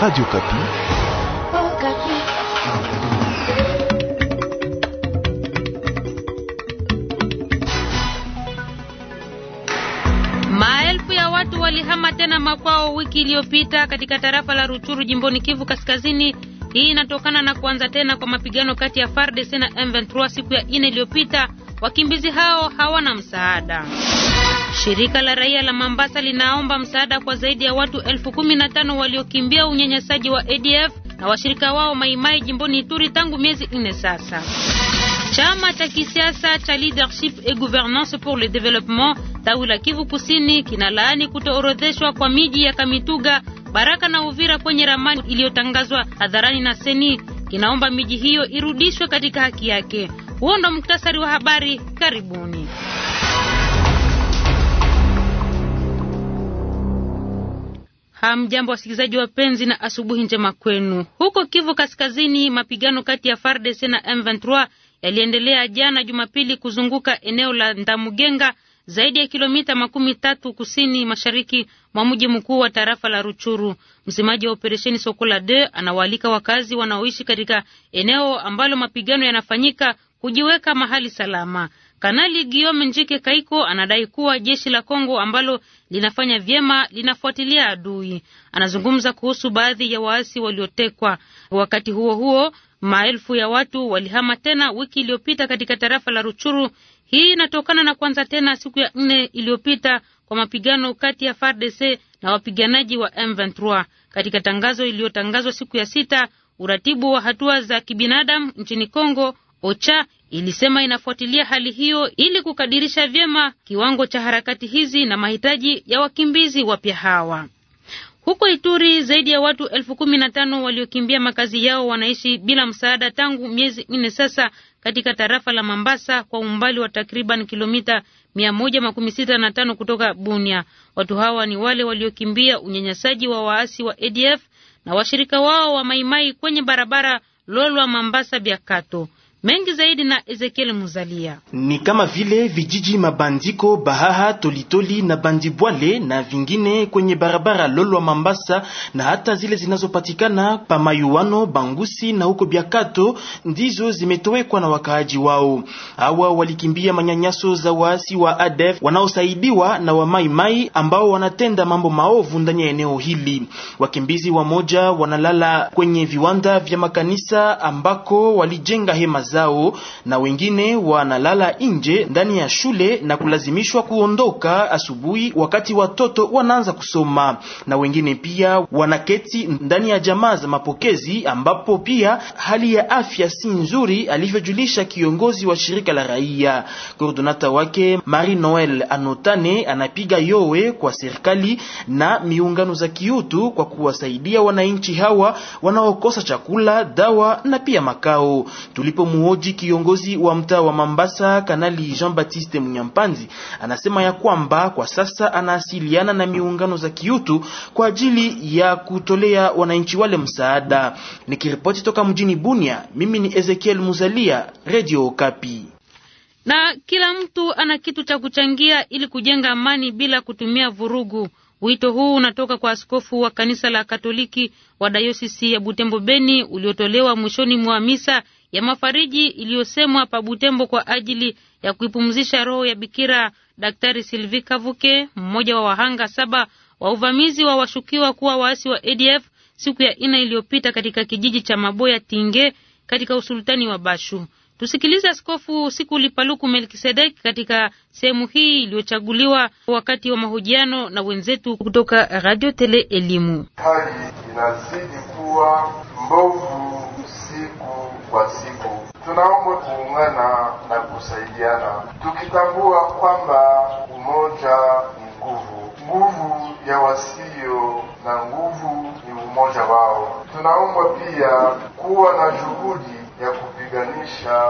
Radio oh, Kapi. Maelfu ya watu walihama tena makwao wiki iliyopita katika tarafa la Ruchuru jimboni Kivu Kaskazini. Hii inatokana na kuanza tena kwa mapigano kati ya FARDC na M23 siku ya nne iliyopita. Wakimbizi hao hawana msaada. Shirika la raia la Mambasa linaomba msaada kwa zaidi ya watu elfu kumi na tano waliokimbia unyanyasaji wa ADF na washirika wao Maimai jimboni Ituri tangu miezi nne sasa. Chama cha kisiasa cha Leadership et Gouvernance pour le Développement tawi la Kivu Kusini kinalaani kutoorodheshwa kwa miji ya Kamituga, Baraka na Uvira kwenye ramani iliyotangazwa hadharani na Seni. Kinaomba miji hiyo irudishwe katika haki yake. Huo ndo muktasari wa habari. Karibuni. Hamjambo wasikilizaji wapenzi, na asubuhi njema kwenu. Huko Kivu Kaskazini, mapigano kati ya FARDC na M23 yaliendelea jana Jumapili kuzunguka eneo la Ndamugenga, zaidi ya kilomita makumi tatu kusini mashariki mwa mji mkuu wa tarafa la Ruchuru. Msemaji wa operesheni Sokola de anawaalika wakazi wanaoishi katika eneo ambalo mapigano yanafanyika kujiweka mahali salama. Kanali Guillaume Njike Kaiko anadai kuwa jeshi la Kongo ambalo linafanya vyema linafuatilia adui. Anazungumza kuhusu baadhi ya waasi waliotekwa. Wakati huo huo, maelfu ya watu walihama tena wiki iliyopita katika tarafa la Ruchuru. Hii inatokana na kwanza tena siku ya nne iliyopita kwa mapigano kati ya FARDC na wapiganaji wa M23. Katika tangazo iliyotangazwa siku ya sita, uratibu wa hatua za kibinadamu nchini Kongo OCHA ilisema inafuatilia hali hiyo ili kukadirisha vyema kiwango cha harakati hizi na mahitaji ya wakimbizi wapya hawa. Huko Ituri zaidi ya watu elfu kumi na tano waliokimbia makazi yao wanaishi bila msaada tangu miezi nne sasa katika tarafa la Mambasa kwa umbali wa takriban kilomita mia moja makumi sita na tano kutoka Bunia. Watu hawa ni wale waliokimbia unyanyasaji wa waasi wa ADF na washirika wao wa Maimai kwenye barabara Lolwa Mambasa Biakato mengi zaidi na Ezekiel Muzalia. Ni kama vile vijiji Mabandiko, Bahaha, Tolitoli na Bandibwale na vingine kwenye barabara Lolwa Mambasa, na hata zile zinazopatikana pa Mayuano, Bangusi na huko Biakato ndizo zimetowekwa na wakaaji wao. Hawa walikimbia manyanyaso za waasi wa ADF wanaosaidiwa na Wamaimai ambao wanatenda mambo maovu ndani ya eneo hili. Wakimbizi wamoja wanalala kwenye viwanda vya makanisa ambako walijenga hema zao, na wengine wanalala nje ndani ya shule na kulazimishwa kuondoka asubuhi wakati watoto wanaanza kusoma, na wengine pia wanaketi ndani ya jamaa za mapokezi, ambapo pia hali ya afya si nzuri, alivyojulisha kiongozi wa shirika la raia. Koordinata wake Marie Noel Anotane anapiga yowe kwa serikali na miungano za kiutu kwa kuwasaidia wananchi hawa wanaokosa chakula, dawa na pia makao tulipo kumhoji kiongozi wa mtaa wa Mambasa, Kanali Jean Baptiste Munyampanzi, anasema ya kwamba kwa sasa anaasiliana na miungano za kiutu kwa ajili ya kutolea wananchi wale msaada. Nikiripoti toka mjini Bunia, mimi ni Ezekiel Muzalia, Radio Okapi. Na kila mtu ana kitu cha kuchangia ili kujenga amani bila kutumia vurugu. Wito huu unatoka kwa askofu wa kanisa la Katoliki wa dayosisi ya Butembo Beni uliotolewa mwishoni mwa misa ya mafariji iliyosemwa pa Butembo kwa ajili ya kuipumzisha roho ya Bikira Daktari Sylvie Kavuke, mmoja wa wahanga saba wa uvamizi wa washukiwa kuwa waasi wa ADF siku ya ina iliyopita katika kijiji cha Maboya Tinge katika usultani wa Bashu. Tusikilize Askofu Siku Lipaluku Melkisedek katika sehemu hii iliyochaguliwa wakati wa mahojiano na wenzetu kutoka Radio Tele Elimu. Hali inazidi kuwa mbovu kwa siku. Tunaomba kuungana na kusaidiana, tukitambua kwamba umoja ni nguvu. Nguvu ya wasio na nguvu ni umoja wao. Tunaomba pia kuwa na juhudi ya kupiganisha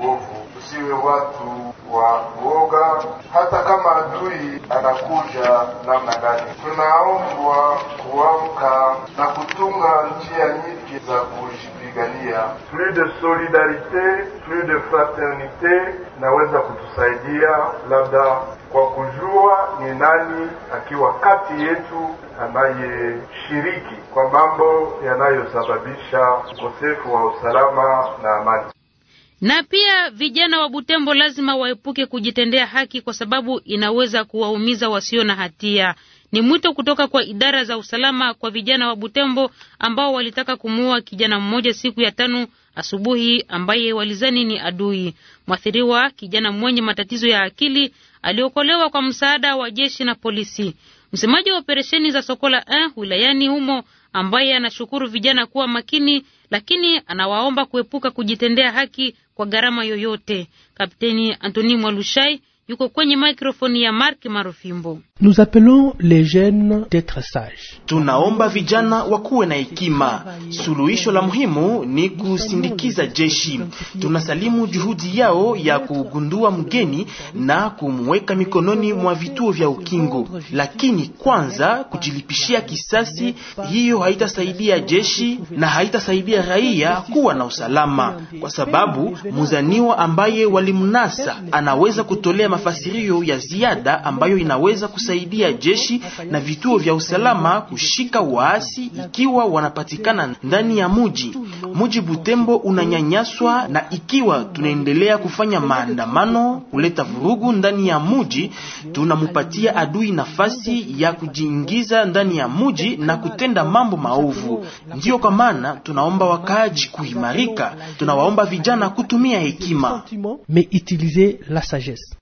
uovu, tusiwe watu wa uoga hata kama adui anakuja namna gani. Tunaombwa kuamka na kutunga njia nyingi za kuishi tunapigania. Plus de solidarité plus de fraternité naweza kutusaidia labda kwa kujua ni nani akiwa kati yetu anayeshiriki kwa mambo yanayosababisha ukosefu wa usalama na amani. Na pia vijana wa Butembo lazima waepuke kujitendea haki kwa sababu inaweza kuwaumiza wasio na hatia. Ni mwito kutoka kwa idara za usalama kwa vijana wa Butembo ambao walitaka kumuua kijana mmoja siku ya tano asubuhi ambaye walizani ni adui. Mwathiriwa kijana mwenye matatizo ya akili aliokolewa kwa msaada wa jeshi na polisi. Msemaji wa operesheni za Sokola eh, wilayani humo ambaye anashukuru vijana kuwa makini, lakini anawaomba kuepuka kujitendea haki kwa gharama yoyote. Kapteni Antoni Mwalushai yuko kwenye mikrofoni ya Mark Marufimbo. Nous appelons les jeunes d'être sages. Tunaomba vijana wakuwe na hekima. Suluhisho la muhimu ni kusindikiza jeshi. Tunasalimu juhudi yao ya kugundua mgeni na kumweka mikononi mwa vituo vya ukingo, lakini kwanza kujilipishia kisasi. Hiyo haitasaidia jeshi na haitasaidia raia kuwa na usalama, kwa sababu muzaniwa ambaye walimnasa anaweza kutolea mafasirio ya ziada ambayo inaweza kusaidia jeshi na vituo vya usalama kushika waasi ikiwa wanapatikana ndani ya muji. Muji Butembo unanyanyaswa, na ikiwa tunaendelea kufanya maandamano kuleta vurugu ndani ya muji, tunamupatia adui nafasi ya kujiingiza ndani ya muji na kutenda mambo maovu. Ndiyo kwa maana tunaomba wakaaji kuimarika, tunawaomba vijana kutumia hekima. Mais utiliser la sagesse.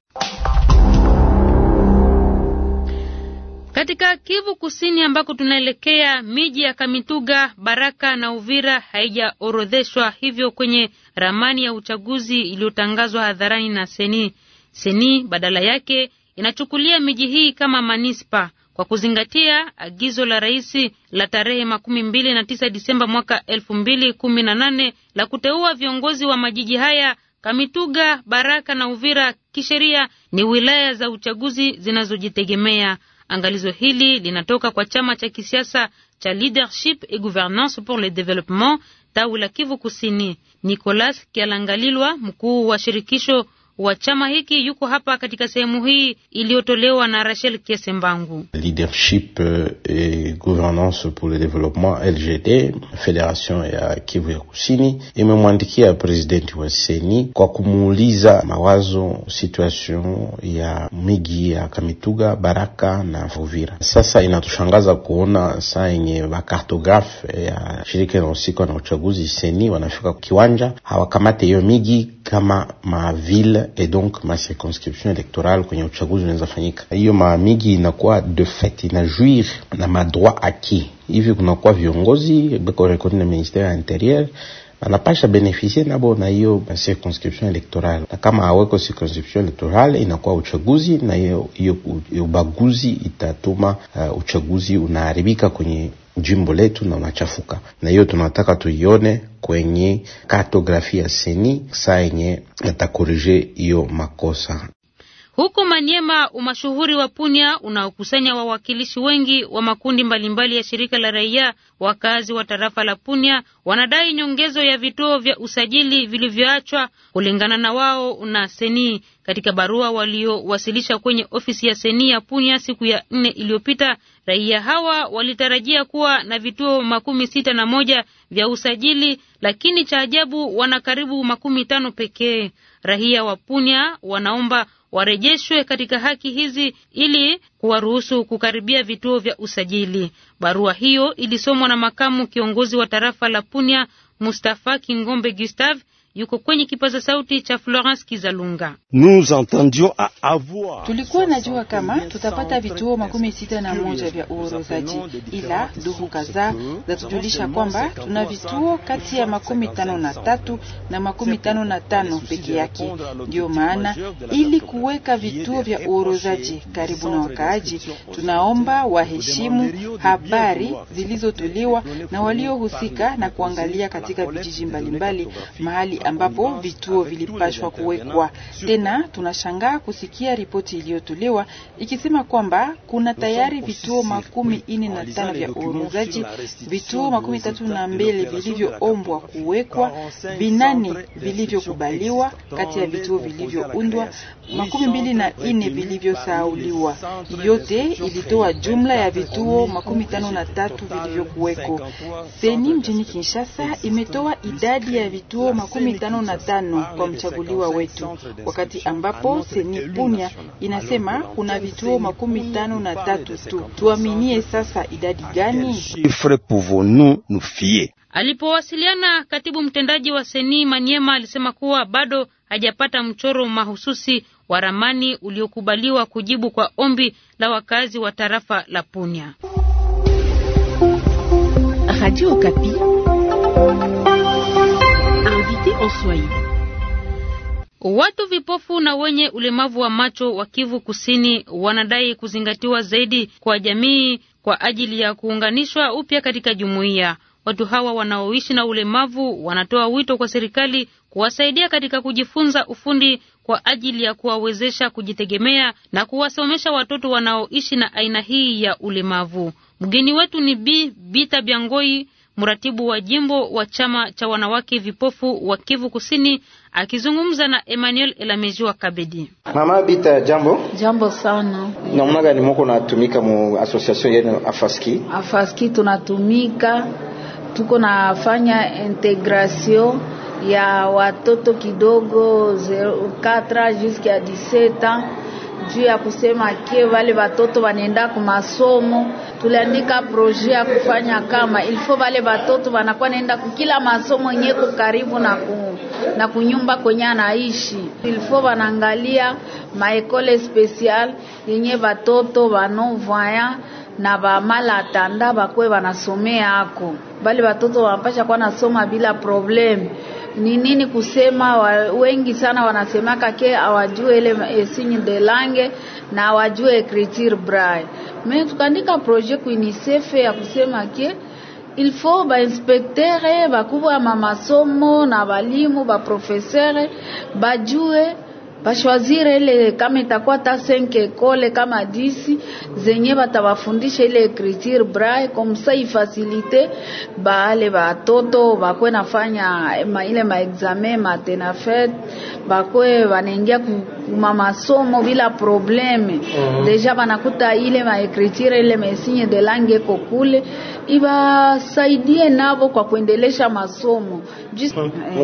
Katika Kivu Kusini ambako tunaelekea, miji ya Kamituga, Baraka na Uvira haijaorodheshwa hivyo kwenye ramani ya uchaguzi iliyotangazwa hadharani na Seni. Seni badala yake inachukulia miji hii kama manispa kwa kuzingatia agizo la rais la tarehe makumi mbili na tisa Disemba mwaka elfu mbili kumi na nane la kuteua viongozi wa majiji haya. Kamituga, Baraka na Uvira kisheria ni wilaya za uchaguzi zinazojitegemea. Angalizo hili linatoka kwa chama cha kisiasa cha Leadership et Gouvernance pour le Développement tawi la Kivu Kusini. Nicolas Kialangalilwa, mkuu wa shirikisho wa chama hiki yuko hapa katika sehemu hii iliyotolewa na Rachel Kesembangu. Leadership euh, et gouvernance pour le développement LGD, Federation ya Kivu ya Kusini imemwandikia presidenti wa Seni kwa kumuuliza mawazo situation ya migi ya Kamituga, Baraka na Uvira. Sasa inatushangaza kuona saa yenye bakartografe ya shirika inahusika na uchaguzi Seni wanafika kiwanja hawakamate hiyo migi kama mavile et donc ma circonscription électorale kwenye uchaguzi unaweza fanyika. Hiyo mara mingi inakuwa de fait inajuir na madroit acquis hivi, kunakuwa viongozi beko rekodi na ministère ya interieur anapasha beneficie nabo na hiyo circonscription electorale, na kama aweko circonscription electorale inakuwa uchaguzi, na hiyo ubaguzi itatuma uh, uchaguzi unaharibika kwenye jimbo letu na unachafuka, na hiyo tunataka tuione kwenye kartografia ya seni saa yenye yatakorije hiyo makosa. Huko Manyema, umashuhuri wa Punya unaokusanya wawakilishi wengi wa makundi mbalimbali ya shirika la raia, wakazi wa tarafa la Punya wanadai nyongezo ya vituo vya usajili vilivyoachwa kulingana na wao na Seni. Katika barua waliowasilisha kwenye ofisi ya Seni ya Punya siku ya nne iliyopita, raia hawa walitarajia kuwa na vituo makumi sita na moja vya usajili, lakini cha ajabu wana karibu makumi tano pekee. Raia wa Punya wanaomba warejeshwe katika haki hizi ili kuwaruhusu kukaribia vituo vya usajili. Barua hiyo ilisomwa na makamu kiongozi wa tarafa la Punia Mustafa Kingombe Gustave yuko kwenye kipaza sauti cha Florence Kizalunga. Tulikuwa najua kama tutapata vituo makumi sita na moja vya uorozaji, ila duhu kadhaa zatujulisha kwamba tuna vituo kati ya makumi tano na tatu na makumi tano na tano peke yake. Ndiyo maana ili kuweka vituo vya uorozaji karibu na wakaaji, tunaomba waheshimu habari zilizotolewa na waliohusika na kuangalia katika vijiji mbalimbali mahali ambapo vituo vilipashwa kuwekwa. Tena tunashangaa kusikia ripoti iliyotolewa ikisema kwamba kuna tayari vituo makumi ine na tano vya uongozaji, vituo makumi tatu na mbili vilivyoombwa kuwekwa, vinane vilivyokubaliwa kati ya vituo vilivyoundwa, makumi mbili na ine vilivyosauliwa. Yote ilitoa jumla ya vituo makumi tano na tatu vilivyokuweko. Seni mjini Kinshasa imetoa idadi ya vituo makumi tano na tano kwa mchaguliwa wetu, wakati ambapo seni Punya inasema kuna vituo makumi tano na tatu tu. Tuaminie sasa idadi gani? Alipowasiliana katibu mtendaji wa seni Manyema alisema kuwa bado hajapata mchoro mahususi wa ramani uliokubaliwa kujibu kwa ombi la wakazi wa tarafa la Punya. Radio Kapi. Oswai. Watu vipofu na wenye ulemavu wa macho wa Kivu Kusini wanadai kuzingatiwa zaidi kwa jamii kwa ajili ya kuunganishwa upya katika jumuiya. Watu hawa wanaoishi na ulemavu wanatoa wito kwa serikali kuwasaidia katika kujifunza ufundi kwa ajili ya kuwawezesha kujitegemea na kuwasomesha watoto wanaoishi na aina hii ya ulemavu. Mgeni wetu ni Bi Bita Byangoi mratibu wa jimbo wa chama cha wanawake vipofu wa Kivu Kusini, akizungumza na Emmanuel wa Kabedi. Mama Bita, jambo. Jambo sana. Namna gani mko natumika mu association yenu Afaski? Afaski tunatumika, tuko nafanya integration ya watoto kidogo 04 jusqu'à 17 ans juu ya kusema ke wale watoto wanaenda ku masomo, tuliandika proje ya kufanya kama ilifo wale watoto wanakuwa naenda kukila masomo yenye karibu na, ku, na kunyumba kwenye anaishi, ilifo wanaangalia maekole special yenye watoto wanovaya na bamala tanda bakwe wanasomea ako, bali watoto wanapasha kuwa nasoma bila problemu ni nini kusema wa, wengi sana wanasemaka ke awajue ile e, signe de langue na awajue écriture braille me tukaandika projet kuinisefe ya kusema ke il faut bainspektere bakubwa masomo na balimu baprofesere bajue bashwazire ile kama itakuwa ta 5 ekole kama disi zenye batabafundisha ile ekriture braille komsa ifasilite baale batoto bakwe nafanya ma, ile maexame matenafet bakwe banaingia kuma masomo bila probleme mm -hmm. deja banakuta ile maekriture ile mesinye de langue eko kule ibasaidie navo kwa kuendelesha masomo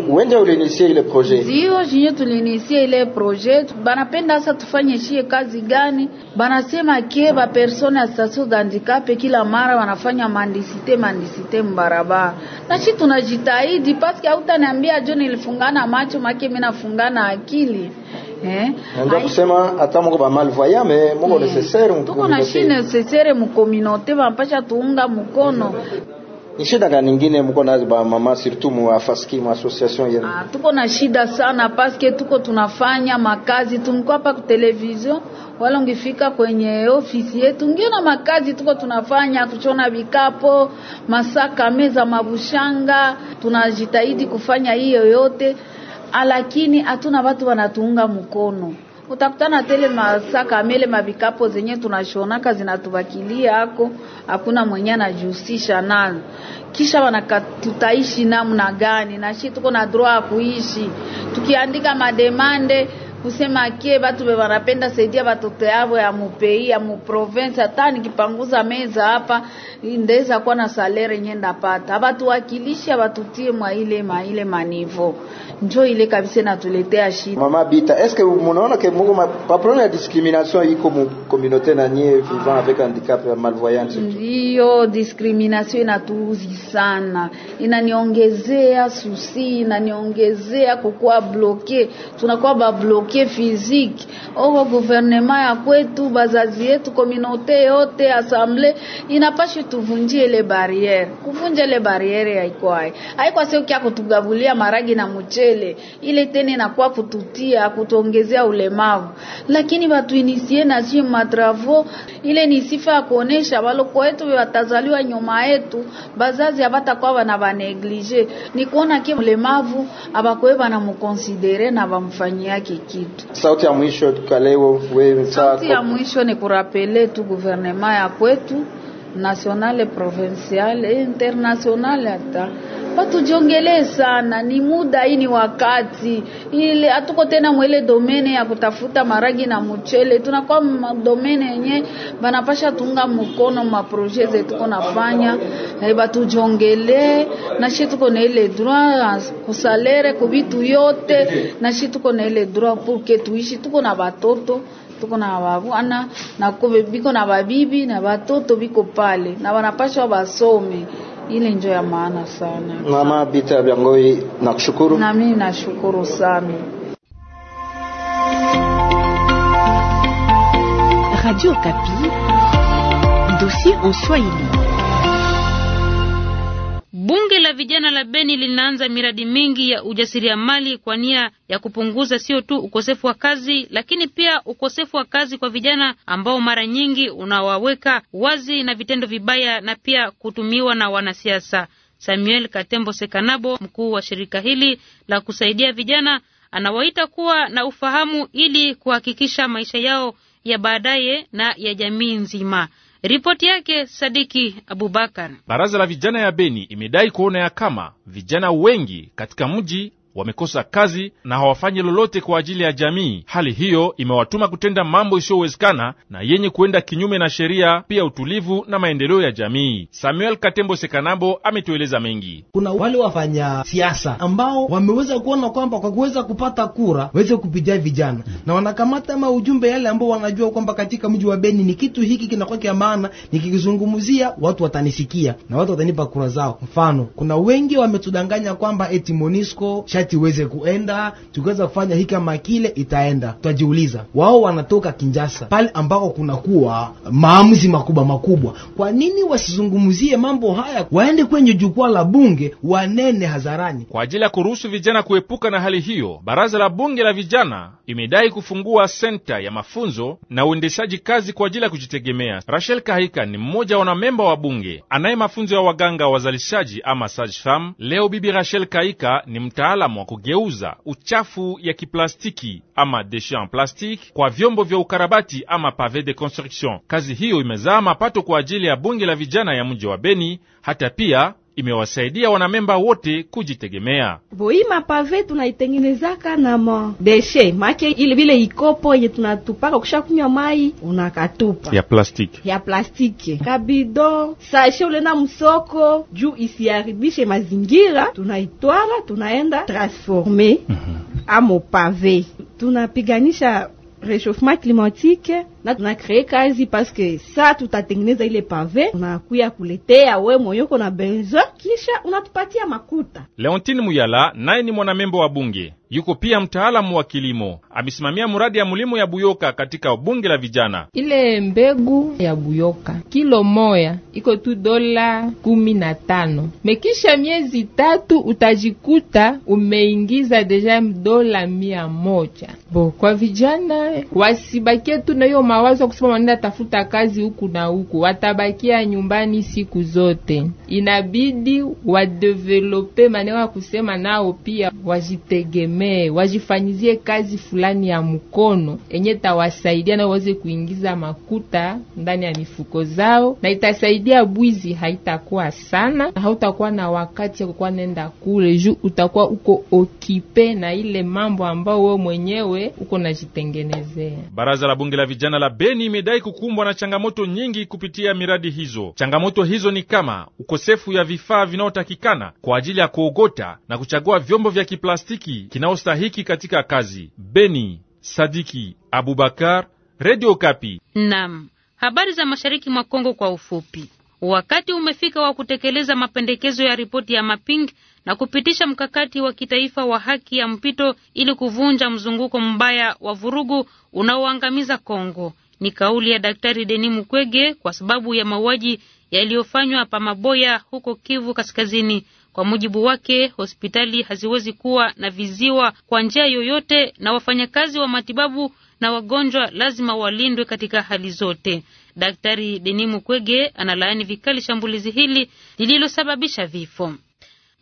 wende hmm. eh, ulinisie ile proje ndio jinye tulinisie ile proje banapenda hasa tufanye shie kazi gani banasema ke bapersone ya station kila mara wanafanya mandisite mandisite mbarabara shi tunajitahidi paske hautaniambia jo nilifungana macho make mi nafungana akili eh, nenda kusema hata muko ba malvoya me muko eh. necessaire tuko na shi necessaire mu communauté vampasha tuunga mkono ni shida gani nyingine mko nazo ba mama surtout mu afaski mu association yenu? Ah, tuko na shida sana paske tuko tunafanya makazi tuniko hapa television wala ungefika kwenye ofisi yetu ngiona makazi tuko tunafanya kuchona vikapo, masaka, meza, mabushanga. Tunajitahidi kufanya hiyo yote alakini ah, hatuna watu wanatuunga mkono utakutana tele masaka mele mavikapo zenye tunashonaka zinatubakilia ako, hakuna mwenye anajihusisha nazo, kisha wanakatutaishi namna gani? Na shi tuko na droa ya kuishi tukiandika mademande kusema kie batu wanapenda saidia watoto yao ya mupei ya muprovince. Hata nikipanguza meza hapa ndeza kuwa na salere nye ndapata, abatuwakilisha batutie mwa ile ma ile manivo njo ile kabisa natuletea shida. Mama Bita, eske munaona ke mungu ma problème ya discrimination iko mu communauté na nye vivant avec handicap ya malvoyance? Ndio, discrimination inatuuzi sana, inaniongezea susi, inaniongezea kukuwa bloke, tunakuwa ba bloke dossier physique oko gouvernement ya kwetu bazazi yetu kominote yote asamble inapashi tuvunjie ile barriere kuvunja ile barriere haikwai haikwa sio kia kutugavulia maragi na mchele ile tena na kwa kututia kutuongezea ulemavu lakini watu inisie na si matravo ile ni sifa ya kuonesha walo kwetu watazaliwa nyuma yetu bazazi abata abatakuwa bana baneglige ni kuona ke mlemavu abakuwe mukonsidere na bamfanyia kiki yetu. Sauti ya mwisho kwa wewe sauti ya mwisho ni kurapele tu guvernema ya kwetu nationale, provinciale, internationale hata batujiongelee sana, ni muda hii, ni wakati ile, hatuko tena mwele domene ya kutafuta maragi na mchele, tunakuwa domene yenye banapasha tunga mkono maproje zetuko nafanya, e, eh, batujongelee nashi tuko na ile droit kusalere kubitu yote, nashi tuko na ile droit purke tuishi, tuko na batoto tuko na babwana na biko na babibi na batoto biko pale na wanapashwa basome ile njo ya maana sana. Mama Bita Byangoi, nakushukuru. Na mimi nashukuru sana. Radio Kapi, dossier en Swahili vijana la Beni linaanza miradi mingi ya ujasiriamali kwa nia ya kupunguza sio tu ukosefu wa kazi, lakini pia ukosefu wa kazi kwa vijana ambao mara nyingi unawaweka wazi na vitendo vibaya na pia kutumiwa na wanasiasa. Samuel Katembo Sekanabo, mkuu wa shirika hili la kusaidia vijana, anawaita kuwa na ufahamu ili kuhakikisha maisha yao ya baadaye na ya jamii nzima. Ripoti yake Sadiki Abubakar. Baraza la vijana ya Beni imedai kuona ya kama vijana wengi katika mji wamekosa kazi na hawafanyi lolote kwa ajili ya jamii. Hali hiyo imewatuma kutenda mambo isiyowezekana na yenye kuenda kinyume na sheria, pia utulivu na maendeleo ya jamii. Samuel Katembo Sekanabo ametueleza mengi. Kuna wale wafanya siasa ambao wameweza kuona kwamba kwa kuweza kupata kura waweze kupitia vijana na wanakamata maujumbe yale ambao wanajua kwamba katika mji wa Beni ni kitu hiki kinakuwa kia maana, nikikizungumzia watu watanisikia na watu watanipa kura zao. Mfano, kuna wengi wametudanganya kwamba eti Monisco wakati uweze kuenda, tukiweza kufanya hiki kama kile itaenda. Tutajiuliza, wao wanatoka Kinjasa pale ambako kunakuwa maamuzi makubwa makubwa, kwa nini wasizungumzie mambo haya? Waende kwenye jukwaa la bunge wanene hadharani. Kwa ajili ya kuruhusu vijana kuepuka na hali hiyo, baraza la bunge la vijana imedai kufungua senta ya mafunzo na uendeshaji kazi kwa ajili ya kujitegemea. Rachel Kahika ni mmoja wa wanamemba wa bunge anaye mafunzo ya waganga wazalishaji ama sajfam. Leo Bibi Rachel Kahika ni mtaalamu mtazamo wa kugeuza uchafu ya kiplastiki ama deshe en plastique kwa vyombo vya ukarabati ama pave de construction. Kazi hiyo imezaa mapato kwa ajili ya bunge la vijana ya mji wa Beni, hata pia imewasaidia wanamemba wote kujitegemea. Boima pave tunaitengenezaka na madeshe make ile vile ikopo yenye tunatupaka kunywa mai unakatupa ya plastiki ya plastiki kabido sashe ulenda msoko juu isiharibishe mazingira, tunaitwala tunaenda transforme mhm. amo pave tunapiganisha rechauffement climatique na tunakree kazi paske saa tutatengeneza ile pave, unakuya kuletea we moyoko na benzo, kisha unatupatia makuta. Leontine Muyala naye ni mwanamembo wa bunge, yuko pia mtaalamu wa kilimo, amesimamia muradi ya mulimo ya Buyoka katika bunge la vijana. Ile mbegu ya Buyoka kilo moya iko tu dola kumi na tano mekisha miezi tatu utajikuta umeingiza deja dola mia moja bo kwa vijana wasibakie tu na hiyo hawaza kusema wanaenda tafuta kazi huku na huku, watabakia nyumbani siku zote. Inabidi wadevelope maneno ya kusema, nao pia wajitegemee, wajifanyizie kazi fulani ya mkono enye tawasaidia nao waweze kuingiza makuta ndani ya mifuko zao, na itasaidia bwizi haitakuwa sana, na hautakuwa na wakati ya kukuwa nenda kule juu, utakuwa uko okipe na ile mambo ambao wewe mwenyewe uko najitengenezea. Baraza la bunge la vijana la Beni imedai kukumbwa na changamoto nyingi kupitia miradi hizo. Changamoto hizo ni kama ukosefu ya vifaa vinaotakikana kwa ajili ya kuogota na kuchagua vyombo vya kiplastiki kinayostahiki katika kazi. Beni, Sadiki Abubakar, Radio Kapi. Nam, habari za mashariki mwa Kongo kwa ufupi. Wakati umefika wa kutekeleza mapendekezo ya ripoti ya Maping na kupitisha mkakati wa kitaifa wa haki ya mpito ili kuvunja mzunguko mbaya wa vurugu unaoangamiza Kongo. Ni kauli ya Daktari Denis Mukwege kwa sababu ya mauaji yaliyofanywa pa Maboya huko Kivu Kaskazini. Kwa mujibu wake, hospitali haziwezi kuwa na viziwa kwa njia yoyote, na wafanyakazi wa matibabu na wagonjwa lazima walindwe katika hali zote. Daktari Denis Mukwege analaani vikali shambulizi hili lililosababisha vifo.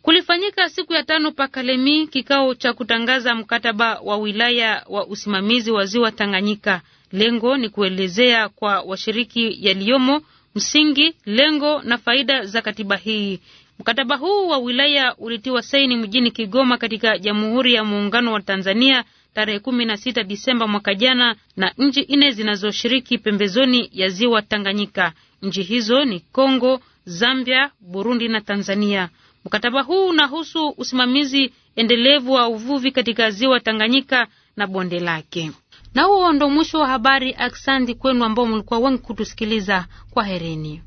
Kulifanyika siku ya tano pakalemi kikao cha kutangaza mkataba wa wilaya wa usimamizi wa ziwa Tanganyika. Lengo ni kuelezea kwa washiriki yaliyomo msingi, lengo na faida za katiba hii. Mkataba huu wa wilaya ulitiwa saini mjini Kigoma katika Jamhuri ya Muungano wa Tanzania tarehe 16 Disemba mwaka jana na nchi nne zinazoshiriki pembezoni ya ziwa Tanganyika. Nchi hizo ni Kongo, Zambia, Burundi na Tanzania. Mkataba huu unahusu usimamizi endelevu wa uvuvi katika ziwa Tanganyika na bonde lake. Na huo ndo mwisho wa habari. Aksandi kwenu ambao mlikuwa wengi kutusikiliza. kwa hereni